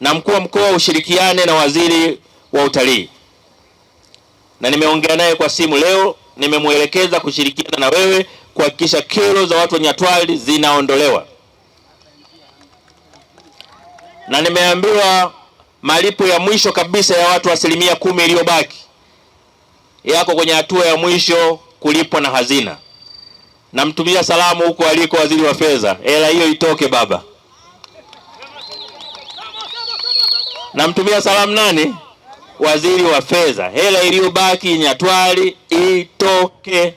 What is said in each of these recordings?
na mkuu wa mkoa ushirikiane na waziri wa utalii, na nimeongea naye kwa simu leo. Nimemwelekeza kushirikiana na wewe kuhakikisha kero za watu wa Nyatwali zinaondolewa, na nimeambiwa malipo ya mwisho kabisa ya watu asilimia kumi iliyobaki yako kwenye hatua ya mwisho kulipwa na hazina. Namtumia salamu huko aliko waziri wa fedha, hela hiyo itoke baba. Namtumia salamu nani? Waziri wa fedha, hela iliyobaki Nyatwali itoke.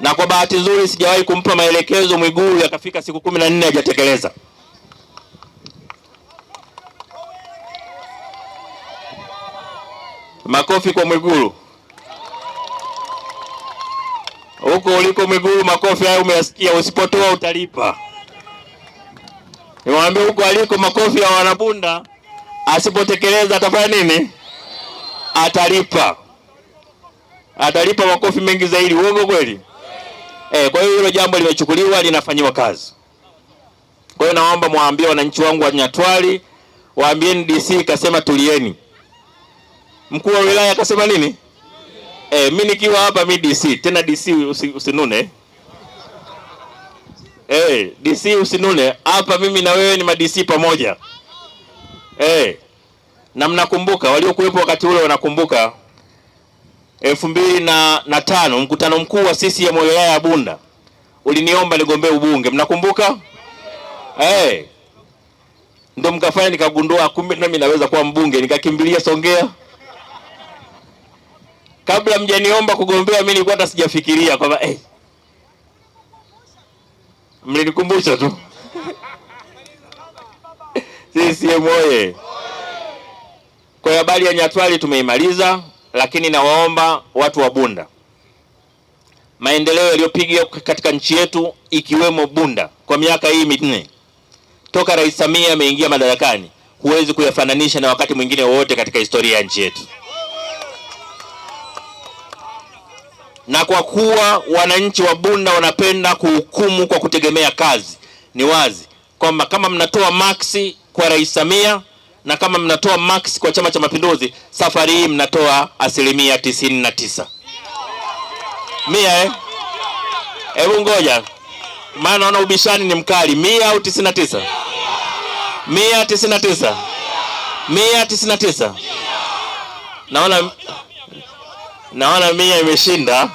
Na kwa bahati nzuri sijawahi kumpa maelekezo Mwigulu yakafika siku kumi na nne hajatekeleza. Makofi kwa Mwigulu. Huko uliko Mwigulu, makofi hayo umeyasikia. Usipotoa utalipa niwaambie huko aliko makofi ya Wanabunda, asipotekeleza atafanya nini? Atalipa, atalipa makofi mengi zaidi. Uongo kweli? Eh, kwa hiyo hilo jambo limechukuliwa linafanyiwa kazi. Kwa hiyo naomba mwaambie wananchi wangu wa Nyatwali, waambieni DC kasema tulieni. Mkuu wa wilaya akasema nini? Eh, mimi nikiwa hapa mi DC tena DC usinune hey, DC usinune hapa, mimi na wewe ni ma DC pamoja hey. Na mnakumbuka waliokuwepo wakati ule wanakumbuka elfu mbili na, na tano mkutano mkuu wa sisi ya moyo ya Bunda uliniomba nigombee ubunge, mnakumbuka hey. Ndo mkafanya nikagundua, kumbe nami naweza kuwa mbunge, nikakimbilia Songea. Kabla mjaniomba kugombea, mimi nilikuwa hata sijafikiria kwamba hey, mlinikumbusha tu CCM oye! Kwa habari ya Nyatwali tumeimaliza, lakini nawaomba watu wa Bunda, maendeleo yaliyopigwa katika nchi yetu ikiwemo Bunda kwa miaka hii minne toka Rais Samia ameingia madarakani, huwezi kuyafananisha na wakati mwingine wowote katika historia ya nchi yetu. na kwa kuwa wananchi wa Bunda wanapenda kuhukumu kwa kutegemea kazi, ni wazi kwamba kama mnatoa maksi kwa Rais Samia na kama mnatoa maksi kwa Chama cha Mapinduzi, safari hii mnatoa asilimia tisini na tisa mia eh? Hebu ngoja, maana naona ubishani ni mkali. Mia au tisini na tisa? Mia tisini na tisa? Mia tisini na tisa? Naona naona mia imeshinda.